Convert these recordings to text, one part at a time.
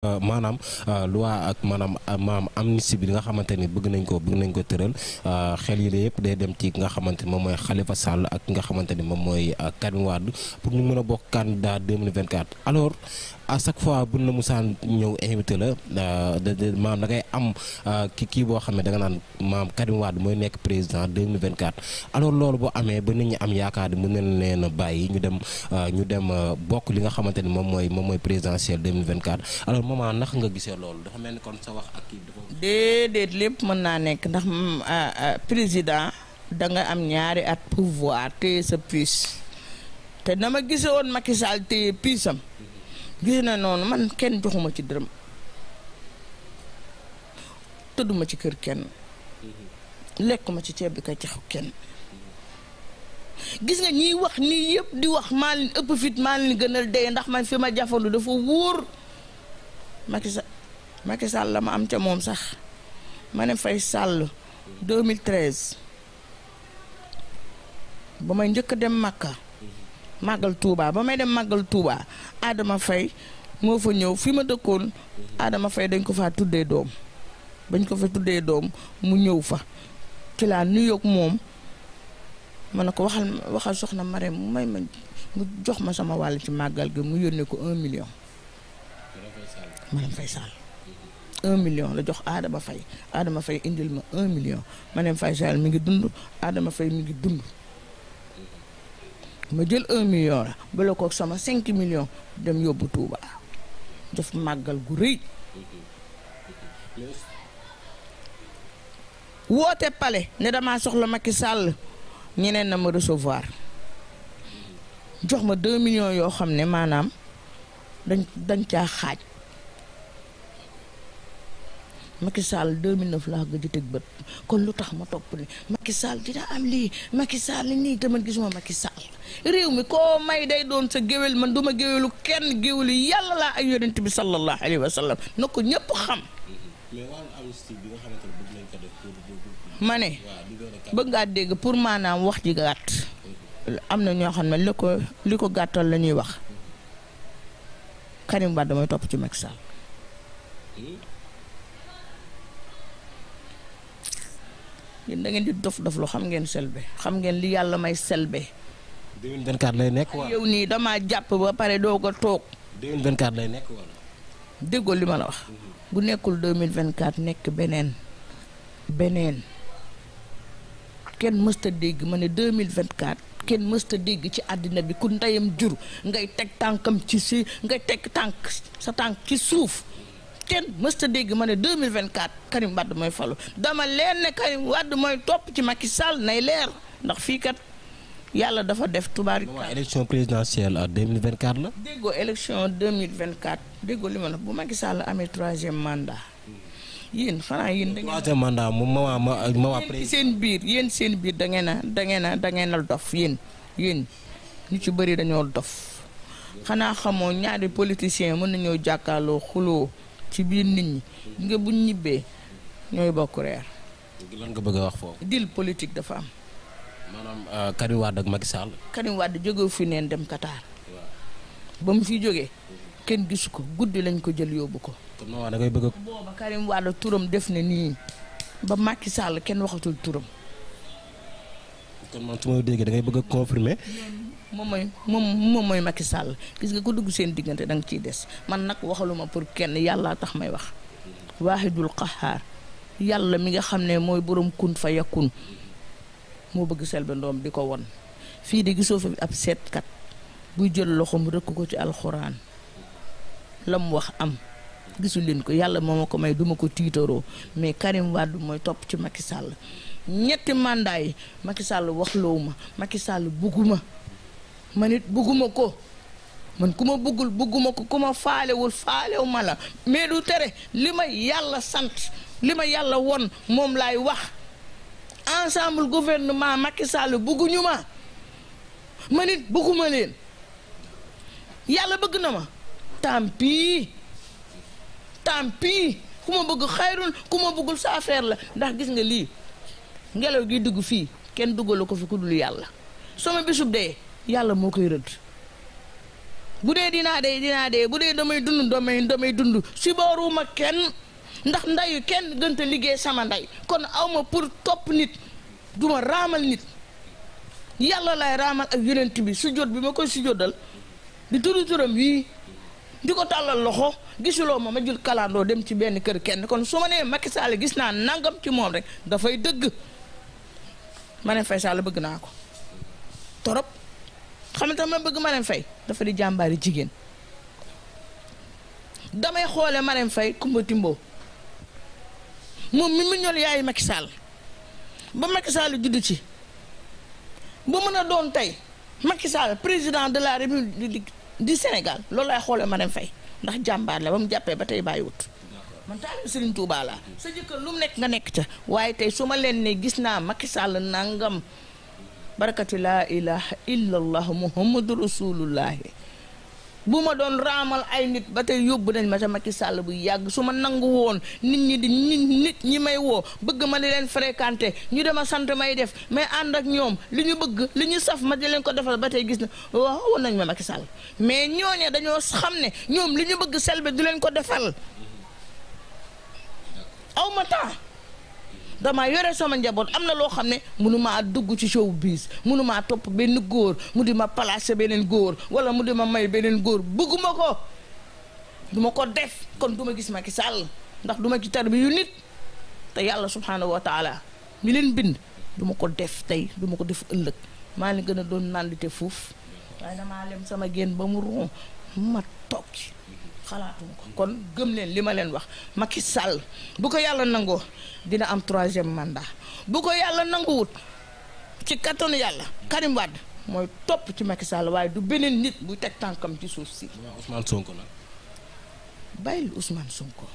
Euh, maanaam euh, loi ak maanaam euh, maam amnistie bi nga xamante ni bëgg nañ ko bëgg nañ ko tëral xel yi de yëpp day dem ci ki nga xamante ni moom mooy Khalifa Sall ak ki nga xamante ni moom mooy Karim pour ñu mën a bokk candidat 2024 alors à chaque fois bu na musaan ñëw invité la euh, maam da ngay am euh, kii boo xam ne da nga naan maam Karim Wade mooy nekk président 2024 alors loolu boo amee ba nit ñi am yaakaar ni mën nañ leen a bàyyi ñu dem euh, ñu dem bokk li nga xamante ni moom mooy moom mooy présidentielle 2024 alors maman ndax nga gisee loolu dafa mel ni kon sa wax ak kii dafa. déedéet lépp mën naa nekk ndax mm, président da nga am ñaari at pouvoir téye sa puce te na ma gisee woon Macky gis na noonu man kenn joxuma ci dërëm tëdduma ci kër kenn lekkuma ci ceeb bi kay jaxu kenn gis nga ñiy wax nii yëpp di wax maa leen ëpp fit maa leen gënal dee ndax man fi ma jafandu dafa wóor Macky Sall la ma am ca moom sax ma ne Faye Sall 2013 ba may njëkk dem Makka màggal tuubaa ba may dem màggal Touba Adama fay moo fa ñëw fi ma dëkkoon Adama fay dañ ko fa tuddee doom bañ ko fa tuddee doom mu ñëw fa ci laa nuyoog moom ma ne ko waxal waxal soxna Marème mu may ma mu jox ma sama wàll ci màggal gi mu yónnee ko un million. Marème fay Sall un million la jox Adama fay Adama fay indil ma un million Marème Faye Sall mi ngi dund Adama fay mi ngi dund. ma jël un million la bala kook sama cinq million dem yóbbu Touba def màggal gu rëy woote pale ne damaa soxla Macky sàll ñeneen na ma recevoir jox ma deux million yoo xam ne maanaam dañ dañ caa xaaj Macky Sall 2009 laa gëj a teg bët kon lu tax ma topp ni Macky Sall dina am lii Macky Sall nii te man gisuma Macky Sall réew mi koo may day doon sa géwél man duma géwélu kenn géwélu yàlla laa ay yonent bi sallallahu alayhi wa sallam na ko ñëpp xam. ne bëgg ma ne bëgg ngaa dégg pour maanaam wax ji gàtt. am na ñoo xam ne li ko li ko gàttal la ñuy wax Karim Wade mooy topp ci Macky Sall. Hmm? yéen da ngeen di dof dof lu xam ngeen selbe xam ngeen li yàlla may selbe. 2024 lay nekk wala yow nii damaa jàpp ba pare doo ko toog. 2024 lay nekk déggoo li ma la wax. Mhm. bu nekkul 2024 nekk beneen. beneen kenn mësta dégg ma ne 2024 kenn mësta dégg ci àddina bi ku ndeyam jur ngay teg tànkam ci si ngay teg tànk sa tànk ci suuf kenn mësta dégg ma ne 2024 Karim Wade mooy falu dama leen ne Karim Wade mooy topp ci Macky Sall nay leer ndax fii kat yàlla dafa def tubaari élection présidentielle à 2024 la. déggoo élection 2024 déggoo li ma la bu Macky Sall amee troisième mandat. yéen xanaa yéen da ngeen troisième mandat moom ma waa ma waa président seen biir yéen seen biir da ngeen a da ngeen a da ngeen a dof yéen yéen ñu ci bëri dañoo dof xanaa xamoo ñaari politiciens mën nañoo jàkkaarloo xuloo ci biir nit ñi nga buñ ñibbee ñooy bokk reer. lan nga bëgg a wax foofu. deal dafa am. maanaam euh, Karim Wade ak Macky Sall. Karim Wade fi neen dem Qatar. ba mu fi jógee. kenn gisu ko guddi lañ ko jël yóbbu ko. kon da ngay bëgg a. turam def na nii ba Macky Sall kenn waxatul turam. kon man su déggee da bëgg a moom mooy moom moom mooy Macky gis nga ko dugg seen diggante da nga ciy des man nag waxaluma pour kenn yàlla tax may wax waahidul qahaar yàlla mi nga xam ne mooy borom kun fa yakun moo bëgg Selbé Ndom di ko won fii de gisoo fa ab seetkat buy jël loxo mu rëkk ko ci alxuraan la mu wax am gisul leen ko yàlla moo ma ko may duma ko tiitaroo mais Karim Wade mooy topp ci Macky sàll ñetti màndaay yi sàll Sall ma Macky Sall bugguma man it bugguma ko man ku ma buggul bugguma ko ku ma faalewul faalewu ma la mais du tere li ma yàlla sant li ma yàlla won moom laay wax ensemble gouvernement Macky Sall bugguñu ma man it bugguma leen yàlla bëgg na ma tant pis tant pis ku ma bëgg xayrul ku ma bëggul sa affaire la ndax gis nga lii ngelaw gi dugg fii kenn duggalu ko fi ku dul yàlla sama bisub dee yàlla moo koy rëdd bu dee dinaa dee dinaa dee bu dee damay dund damay damay dund si booruma kenn ndax ndayu kenn gënta liggéey sama nday kon awma pour topp nit duma raamal nit yàlla lay raamal ak yonent bi su jot bi ma koy su jotal di turu turam yii di ko tàllal loxo gisuloo ma ma jël kalaandoo dem ci benn kër kenn kon su ma nee Macky Sall gis naa nangam ci moom rek dafay dëgg ma ne Faye Sall bëgg naa ko torop xam nga ma bëgg Marème fay dafa di jàmbaari jigéen damay xoole Marème fay Kumba Timbo moom mi mu ñor yaayu Macky Sall ba Macky Sall ci ba mën a doon tey Macky Sall président de la République di Sénégal loolu laay xoole Marème fay ndax jàmbaar la ba mu jàppee ba tey bàyyiwut man taal Serigne Touba sa jëkkër lu mu nekk nga nekk ca waaye tey su ma leen ne gis naa Macky Sall nangam barakati laa ilaha illallah muhammadu rasulullahi bu ma doon raamal ay nit ba tey yóbbu nañ ma ca Macky sàll bu yàgg su ma nangu woon nit ñi di nit ñi may woo bëgg ma di leen fréquenté dem a sant may def mais ànd ak ñoom li ñu bëgg li ñu saf ma di leen ko defal ba tey gis na waaw woon nañ ma Macky Sall mais ñooñe dañoo xam ne ñoom li ñu bëgg Selbé du leen ko defal aw damaa yore sama njaboot am na loo xam ne mënumaa dugg ci biis mënumaa topp benn góor mu di ma placer beneen góor wala mu di ma may beneen góor bëgguma ko du ma ko def kon du ma gis Macky Sall ndax du ma ci tar bi yu nit te yàlla subhaanahu wa taala mi leen bind duma ko def tey duma ko def ëllëg maa leen gën a doon nandite foofu waaye damaa lem sama génn ba mu ron ma toog xalaatuñ ko kon gëm leen li ma leen wax Macky sàll bu ko yàlla nangoo dina am troisième mandat bu ko yàlla nanguwut ci kattanu yàlla Karim Wade mooy topp ci Macky sàll waaye du beneen nit buy teg tànkam ci suuf si. Sonko nag. bàyyil Ousmane Sonko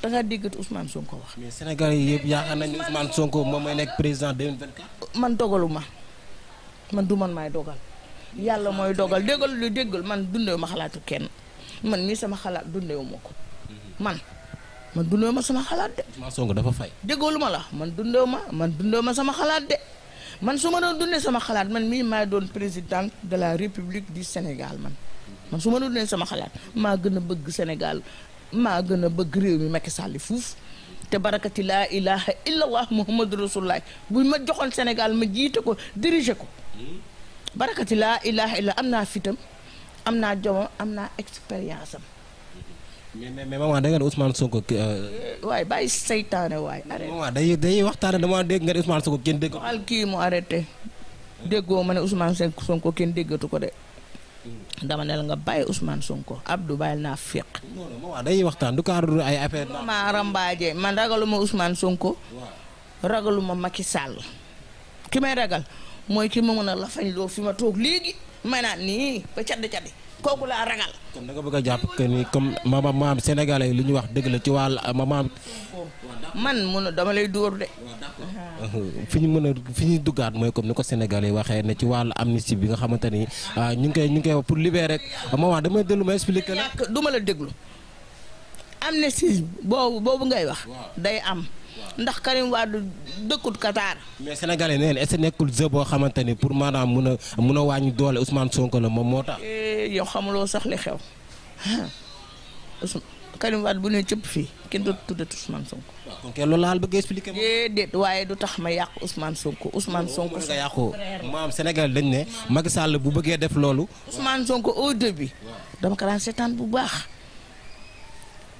da ngaa déggati Ousmane Sonko wax. mais Sénégal yi yëpp yaakaar nañu Ousmane Sonko moom mooy nekk président 2024. man dogaluma man du man maay dogal. yàlla mooy dogal déggal lu déggal man dundee ma xalaatu kenn. man mii sama xalaat dundewu ma ko. Mm-hmm. man man dundewu ma sama xalaat de. Sonko dafa fay. déggoo ma la man dundewu ma man dundewu ma sama xalaat man su ma doon dundee sama xalaat man mii maa doon président de la république du Sénégal man mm-hmm. man su ma doon dundee sama xalaat maa gën a bëgg Sénégal maa gën a bëgg réew mi Macky Sall fuuf. te barakati laa ilaha illallah muhammadu rasulullah bu ma joxoon Sénégal ma jiite ko diriger ko. Mm-hmm. barakati laa ilaha illa am naa fitam am naa jomam am naa expérience am. mais mais maman da nga ne Ousmane Sonko. Euh, waaye bàyyi seytaane waaye. arrêté day day waxtaane dama dégg nga ne Ousmane Sonko kenn dégg. waxal kii mu arrêté déggoo ma ne Sonko kenn déggatu ko de. dama ne nga bàyyi Ousmane Sonko du bàyyi naa féq. waxtaan du ay affaire. ma man ragaluma Ousmane Sonko. ragaluma Macky Sall. ki may ragal mooy ki ma mën a lafañ loo fi ma toog léegi. may nii ba cadde cadde kooku laa ragal. kon da nga bëgg jàpp que ni comme maama maam sénégalais yi lu ñu wax dëgg la ci wàll maam. man mun a dama lay dóor de. fi ñu mën a fi ñuy duggaat mooy comme ni ko sénégalais waxee ne ci wàllu amnistie bi nga xamante ni ah, ñu ngi koy ñu ngi koy wax pour libérer rek ah, wax damay dellu ma expliquer la. du ma la déglu amnistie boobu boobu ngay wax. day am. ndax Karim Wade dëkkut Qatar. mais neen est nekkul jeu boo xamante ni pour maanaam mun a mun a wàññi doole Ousmane Sonko la moom moo tax. Eh, yow xamuloo sax li xew Karim bu ne cëpp fii kenn dootu tuddati Ousmane Sonko. waaw kon kenn loolu laa bëgg eh, waaye du tax ma yàq Ousmane Sonko Ousmane Sonko. nga yàqoo maam Sénégal dañ ne Macky Sall bu bëggee def loolu. Ousmane Sonko au début. dama ko seetaan bu baax.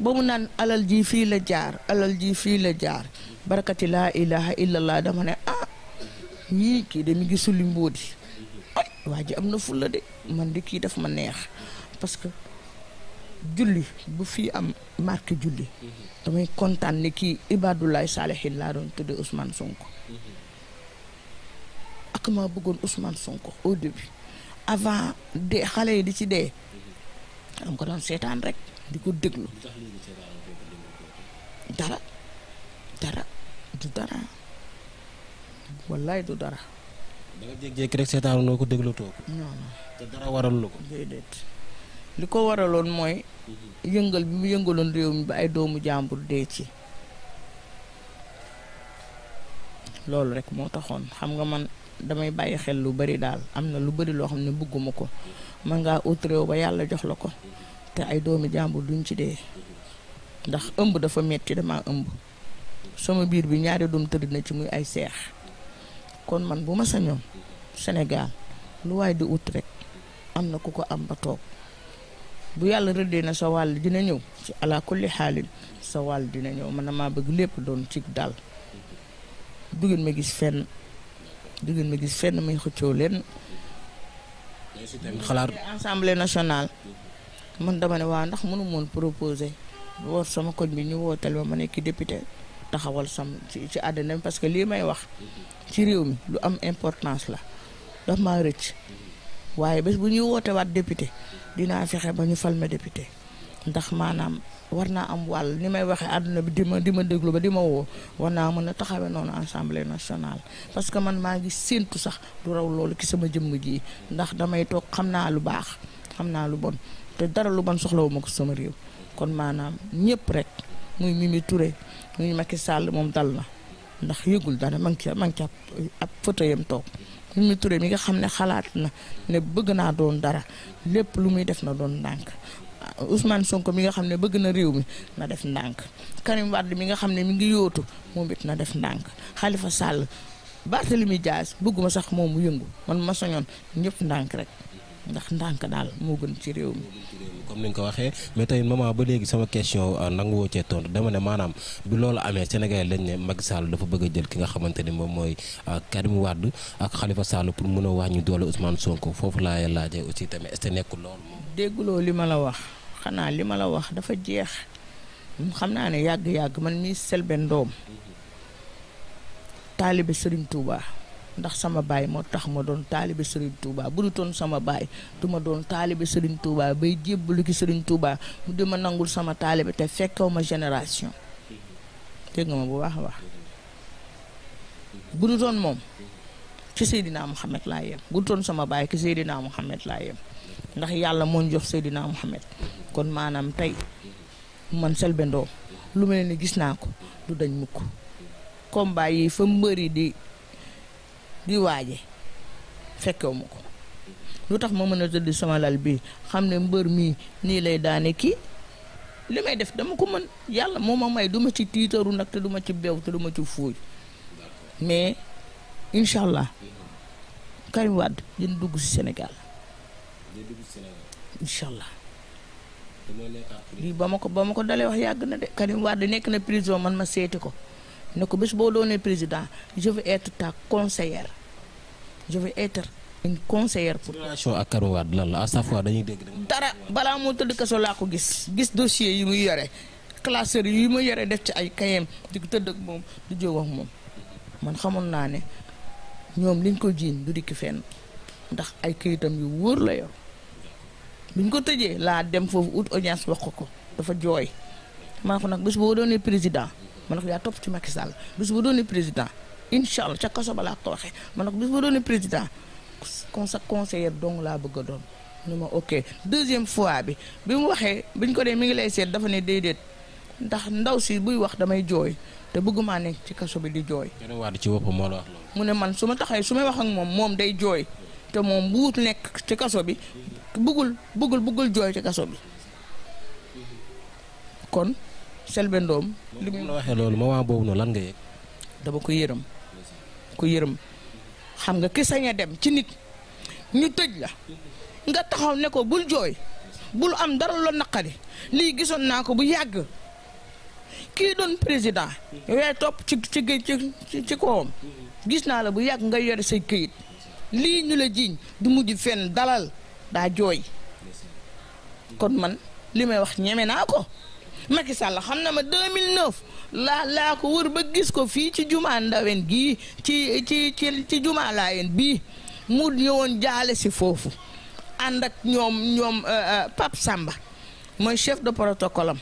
ba mu naan alal ji fii la jaar alal ji fii la jaar barakati laa ilaha illallah dama ne ah ñii kii de mi ngi sulli mbóodi ay waa ji am na fulla de man di kii daf ma neex parce que julli bu fii am mark julli damay kontaan ni kii Ibadulaay Saalihin laa doon tudde Ousmane Sonko ak maa bëggoon Ousmane Sonko au début avant de xale yi di ci dee am ko doon seetaan rek di ko déglu dara dara du dara wallaay du dara. da nga rek seetaanu noo ko déglatoo ko. non te dara waral ko. li ko waraloon mooy. yëngal bi mu yëngaloon réew mi ba ay doomu jàmbur dee ci. loolu rek moo taxoon xam nga man damay bàyyi xel lu bari daal am na lu bari loo xam ne bëgguma ko. man ngaa ut réew ba yàlla jox la ko te ay doomi jàmbur duñ ci dee ndax ëmb dafa metti dama ëmb sama biir bi ñaari doom tëdd na ci muy ay seex kon man bu ma sañoon Sénégal lu waaye di ut rekk am na ku ko am ba toog bu yàlla rëddee na sa wàll dina ñëw ci ala kulli xaalin sa wàll dina ñëw man maa bëgg lépp doon ci dal duggeen ma gis fenn duggeen ma gis fenn may xëccoo leen xalaat assemblée nationale man dama ne waa ndax mënu moon proposer woor sama koñ bi ñu wooteel ma ma nekk député taxawal sam ci ci àddina parce que lii may wax ci réew mi lu am importance la daf maa rëcc waaye bés bu ñuy woote waat député dinaa fexe ba ñu fal ma député ndax maanaam war naa am wàll ni may waxee àdduna bi di ma di ma déglu ba di ma woo war naa mën a taxawee noonu assemblée nationale parce que man maa ngi séentu sax du raw loolu ki sama jëmm ji ndax damay toog xam naa lu baax xam naa lu bon te dara lu bon soxlawu ma ko sama réew kon maanaam ñëpp rek muy Mimi Touré muy Macky Sall moom dal na ndax yëgul dara ma ngi ca ma ngi ca ab fauteuilam toog Mimi Touré mi nga xam ne xalaat na ne bëgg naa doon dara lépp lu muy def na doon ndànk Ousmane Sonko mi nga xam ne bëgg na réew mi na def ndànk Karim Wade mi nga xam ne mi ngi yóotu moom it na def ndànk Khalifa Sall Barthélemy Dias bëgguma sax moom mu yëngu man ma soñoon ñëpp ndànk rek ndax ndànk daal moo gën ci réew mi. comme ni nga ko waxee mais tey maman ba léegi sama question euh, nanguwoo cee tontu dama ne maanaam bi loolu amee Sénégal lañ ne mag Sall dafa bëgg jël ki nga xamante ni moom mooy euh, Karim Wade ak Khalifa Sall pour mën a wàññi doole Ousmane Sonko foofu laay laajee aussi tamit est-ce que dégguloo li ma la wax xanaa li ma la wax dafa jeex xam naa ne yàgg-yàgg man mii Selbé Ndom taalibe sëriñ Touba ndax sama baay moo tax ma doon taalibe Serigne Touba bu du toon sama baay du ma doon taalibe Serigne Touba bay jébbalu ki sëriñ tuubaa mu di ma nangul sama taalibe te fekkew ma génération dégg nga ma bu baax a baax bu du toon moom ci Seydina Mouhamed laa yem bu du toon sama baay ki Seydina Mouhamed laa yem ndax yàlla moo jox Seydina Mohamed kon maanaam tey man Selbé Ndom lu mel ni gis naa ko du dañ mukk combat yi fa mbër yi di di waaje fekkewuma ko lu tax ma mën a tëdd sama lal bii xam ne mbër mii nii lay daane kii li may def dama ko mën yàlla moo ma may duma ci tiitaru nag te duma ci beew te duma ci fuuy mais incha allah Karim dugg ci Sénégal incha allah lii ba ma ko ba ma ko dalee wax yàgg na de Karim Wade nekk na prison man ma seeti ko ne ko bés boo doonee président je veux être ta conseillère je veux une conseillère pour. relation ak Karim Wade lan la à fois dañuy dégg. dara balaa moo tëdd kaso laa ko gis gis yi muy yore classeur yi muy yore def ci ay kayem di tëdd ak moom di jóg ak moom man xamoon naa ne ñoom liñ ko jiin du dikki fenn ndax ay kayitam yu wóor la yor. bi ñu ko tëjee laa dem foofu ut audience wax ko ko dafa jooy maa ko nag bés boo doonee président ma ne ko yaa topp ci Macky Sall bés boo doonee président incha allah ca kaso ba laa ko waxee ma ne ko bés boo doonee président consa conseiller dong laa bëgg a doon nu ma ok deuxième fois bi bi mu waxee bi ñu ko dee mi ngi lay seet dafa ne déedéet ndax ndaw si buy wax damay jooy te bëgguma nekk ci kaso bi di jooy. ci boppam moo la wax mu ne man su ma taxawee su may wax ak moom moom day jooy te moom bu nekk ci kaso bi. bëggul bëggul bëggul jooy ci kaso bi kon Selbé Ndom li mu la waxee loolu moment boobu noonu lan nga yëg dama ko yërëm ko yërëm xam nga ki sañ dem ci nit ñu tëj la nga taxaw ne ko bul jooy bul am dara loo naqari lii gisoon naa ko bu yàgg kii doon président yooyu topp ci ci ci ci kawam gis naa la bu yàgg nga yore say këyit lii ñu la jiiñ du mujj fenn dalal daa jooy kon man li may wax ñeme naa ko Macky Sall xam na ma 2009 laa laa ko wër ba gis ko fii ci jumaa ndawen gii ci ci ci ci jumaa laayeen bii mu ñëwoon jaale si foofu ànd ak ñoom ñoom euh, euh, Pape sàmba mooy chef de protocole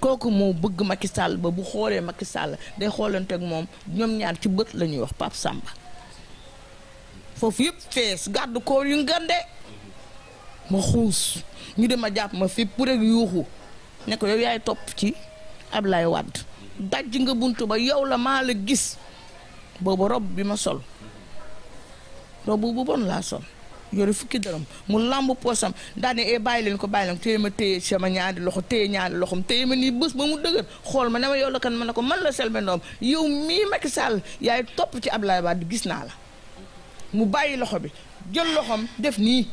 kooku moo bëgg Macky Sall ba bu xoolee Macky Sall day xoolanteeg moom ñoom ñaar ci bët lañuy wax Pape sàmba foofu yëpp fees gàddu koor yu ngande ma xuus ñu dem ma jàpp ma fi pour rek yuuxu ne ko yow yaay topp ci Ablaye Wade daj nga buntu ba yow la maa la gis boobu rob bi ma sol rob bu bon laa sol yore fukki dërëm mu làmb poosam daane e eh, bàyyi leen ko bàyyi leen ko téye ma téye sama ñaari loxo téye ñaari loxom téye ma nii bës ba mu dëgër xool ma ne ma yow la kan ma ne ko man la Selbé Ndom yow mii Macky Sall yaay topp ci Ablaye Wade gis naa la mu bàyyi loxo bi jël loxom def nii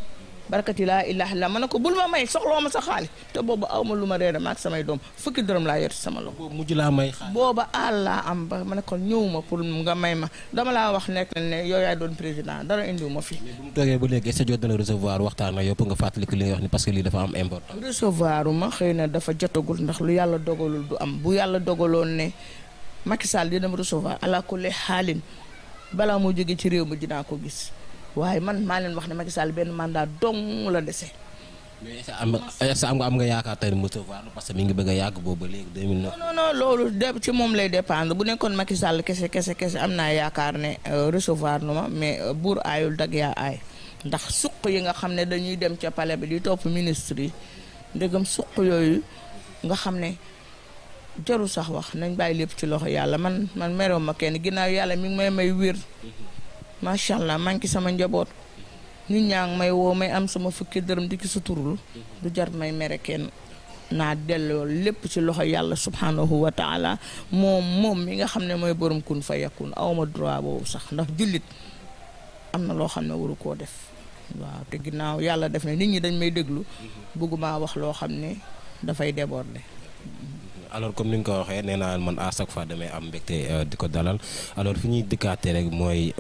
barkati laa ilaaha la ma ne ko bul ma may soxloo ma sa xaalis te boobu aw ma lu ma reere maak samay doom fukki dërëm laa yor sama loxo. boobu mujj laa may xaalis booba àll laa am ba ma ne kon ñëw ma pour nga may ma dama laa wax nekk ne yow yaay doon président dara indiw ma fi. mais bu mu toogee ba léegi est-ce que jot na recevoir waxtaan ak yow pour nga fàttaliku li nga wax ni parce que lii dafa am important. recevoir ma xëy na dafa jotagul ndax lu yàlla dogalul du am bu yàlla dogaloon ne Macky Sall dina ma recevoir alaa xaalin balaa moo jógee ci réew mi dinaa ko gis waaye man maa leen wax ne Macky Sall benn mandat dong la dese. mais est-ce que nga am nga yaakaar mu que mi ngi bëgg a yàgg boobu ba léegi 2009. non non loolu de ci moom lay dépendre bu nekkoon Macky kese kese kese am naa yaakaar ne euh, recevoir nu ma mais euh, buur aayul dag yaa aay ndax suq yi nga xam ne dañuy dem ca pale bi di topp ministre yi ndegam suq yooyu nga xam ne jarul sax wax nañ bàyyi lépp ci loxo yàlla man man merew ma kenn ginnaaw yàlla mi ngi may may wér. Mhm. macha allah maa sama njaboot nit ñaa may woo may am sama fukki dërëm di ci suturlu du jar may mere kenn naa delloo lépp si loxo yàlla subhanahu wa taala moom moom mi nga xam ne mooy borom kun fa yakun awma droit boobu sax ndax jullit am na loo xam ne waru koo def waaw te ginnaaw yàlla def na nit ñi dañ may déglu bëgguma wax loo xam ne dafay déborder. alors comme ni nga ko waxee nee naa man à chaque fois damay am mbégte euh, di ko dalal alors fi ñuy dikkaate rek mooy